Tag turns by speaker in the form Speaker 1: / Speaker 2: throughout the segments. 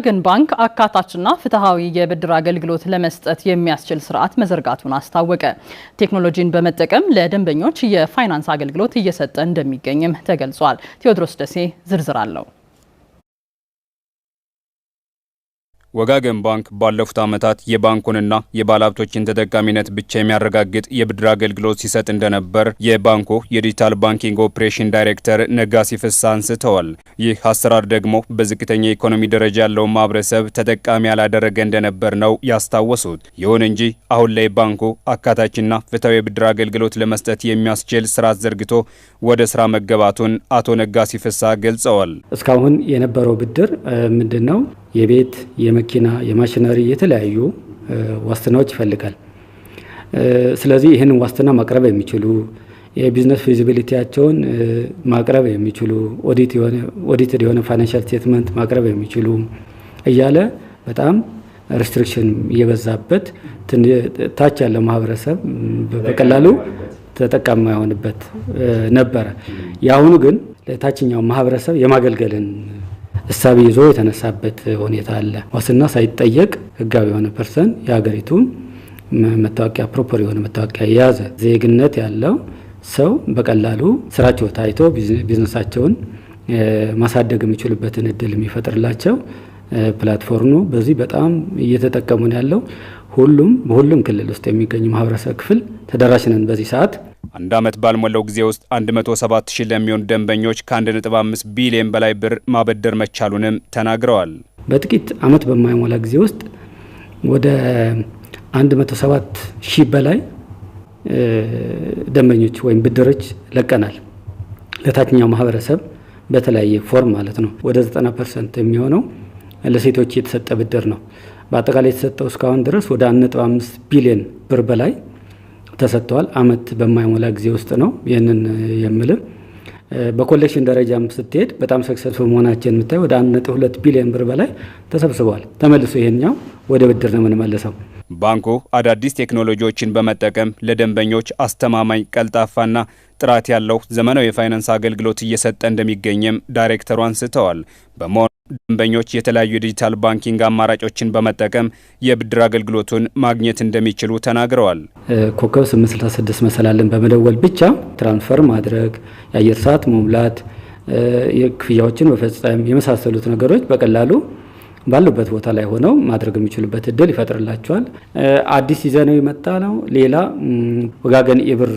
Speaker 1: ወጋገን ባንክ አካታችና ፍትሐዊ የብድር አገልግሎት ለመስጠት የሚያስችል ስርዓት መዘርጋቱን አስታወቀ። ቴክኖሎጂን በመጠቀም ለደንበኞች የፋይናንስ አገልግሎት እየሰጠ እንደሚገኝም ተገልጿል። ቴዎድሮስ ደሴ ዝርዝር አለው።
Speaker 2: ወጋገን ባንክ ባለፉት ዓመታት የባንኩንና የባለሀብቶችን ተጠቃሚነት ብቻ የሚያረጋግጥ የብድር አገልግሎት ሲሰጥ እንደነበር የባንኩ የዲጂታል ባንኪንግ ኦፕሬሽን ዳይሬክተር ነጋሲ ፍሳ አንስተዋል። ይህ አሰራር ደግሞ በዝቅተኛ የኢኮኖሚ ደረጃ ያለውን ማህበረሰብ ተጠቃሚ ያላደረገ እንደነበር ነው ያስታወሱት። ይሁን እንጂ አሁን ላይ ባንኩ አካታችና ፍትሐዊ የብድር አገልግሎት ለመስጠት የሚያስችል ስራ ዘርግቶ ወደ ስራ መገባቱን አቶ ነጋሲ ፍሳ ገልጸዋል።
Speaker 3: እስካሁን የነበረው ብድር ምንድን ነው? የቤት፣ የመኪና፣ የማሽነሪ የተለያዩ ዋስትናዎች ይፈልጋል። ስለዚህ ይህንን ዋስትና ማቅረብ የሚችሉ የቢዝነስ ፊዚቢሊቲያቸውን ማቅረብ የሚችሉ ኦዲትድ የሆነ ፋይናንሻል ስቴትመንት ማቅረብ የሚችሉ እያለ በጣም ሪስትሪክሽን እየበዛበት ታች ያለው ማህበረሰብ በቀላሉ ተጠቃሚ የሆንበት ነበረ። የአሁኑ ግን ለታችኛው ማህበረሰብ የማገልገልን እሳቤ ይዞ የተነሳበት ሁኔታ አለ። ዋስና ሳይጠየቅ ህጋዊ የሆነ ፐርሰን የሀገሪቱን መታወቂያ ፕሮፐር የሆነ መታወቂያ የያዘ ዜግነት ያለው ሰው በቀላሉ ስራቸው ታይቶ ቢዝነሳቸውን ማሳደግ የሚችሉበትን እድል የሚፈጥርላቸው ፕላትፎርም ነው። በዚህ በጣም እየተጠቀሙ ነው ያለው። ሁሉም በሁሉም ክልል ውስጥ የሚገኙ ማህበረሰብ ክፍል ተደራሽ ነን። በዚህ ሰዓት
Speaker 2: አንድ ዓመት ባልሞላው ጊዜ ውስጥ 107 ሺህ ለሚሆኑ ደንበኞች ከ1.5 ቢሊዮን በላይ ብር ማበደር መቻሉንም ተናግረዋል።
Speaker 3: በጥቂት ዓመት በማይሞላ ጊዜ ውስጥ ወደ 107 ሺህ በላይ ደንበኞች ወይም ብድሮች ለቀናል። ለታችኛው ማህበረሰብ በተለያየ ፎርም ማለት ነው። ወደ 90 ፐርሰንት የሚሆነው ለሴቶች የተሰጠ ብድር ነው። በአጠቃላይ የተሰጠው እስካሁን ድረስ ወደ 1.5 ቢሊዮን ብር በላይ ተሰጥተዋል። አመት በማይሞላ ጊዜ ውስጥ ነው ይህንን የምልም በኮሌክሽን ደረጃም ስትሄድ በጣም ሰክሰስፉ መሆናችን የምታይ ወደ 1.2 ቢሊዮን ብር በላይ ተሰብስበዋል። ተመልሶ ይሄኛው ወደ ብድር ነው የምንመልሰው።
Speaker 2: ባንኩ አዳዲስ ቴክኖሎጂዎችን በመጠቀም ለደንበኞች አስተማማኝ፣ ቀልጣፋና ጥራት ያለው ዘመናዊ የፋይናንስ አገልግሎት እየሰጠ እንደሚገኝም ዳይሬክተሩ አንስተዋል። በመሆኑ ደንበኞች የተለያዩ የዲጂታል ባንኪንግ አማራጮችን በመጠቀም የብድር አገልግሎቱን ማግኘት እንደሚችሉ ተናግረዋል።
Speaker 3: ኮከብ 866 መሰላለን በመደወል ብቻ ትራንስፈር ማድረግ፣ የአየር ሰዓት መሙላት፣ ክፍያዎችን መፈጸም የመሳሰሉት ነገሮች በቀላሉ ባሉበት ቦታ ላይ ሆነው ማድረግ የሚችሉበት እድል ይፈጥርላቸዋል። አዲስ ይዘነው የመጣ ነው። ሌላ ወጋገን ኢብር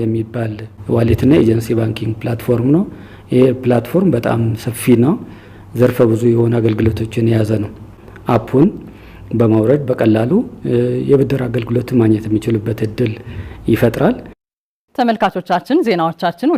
Speaker 3: የሚባል ዋሌትና ኤጀንሲ ባንኪንግ ፕላትፎርም ነው። ይህ ፕላትፎርም በጣም ሰፊ ነው። ዘርፈ ብዙ የሆነ አገልግሎቶችን የያዘ ነው። አፑን በማውረድ በቀላሉ የብድር አገልግሎት ማግኘት የሚችሉበት እድል ይፈጥራል። ተመልካቾቻችን ዜናዎቻችን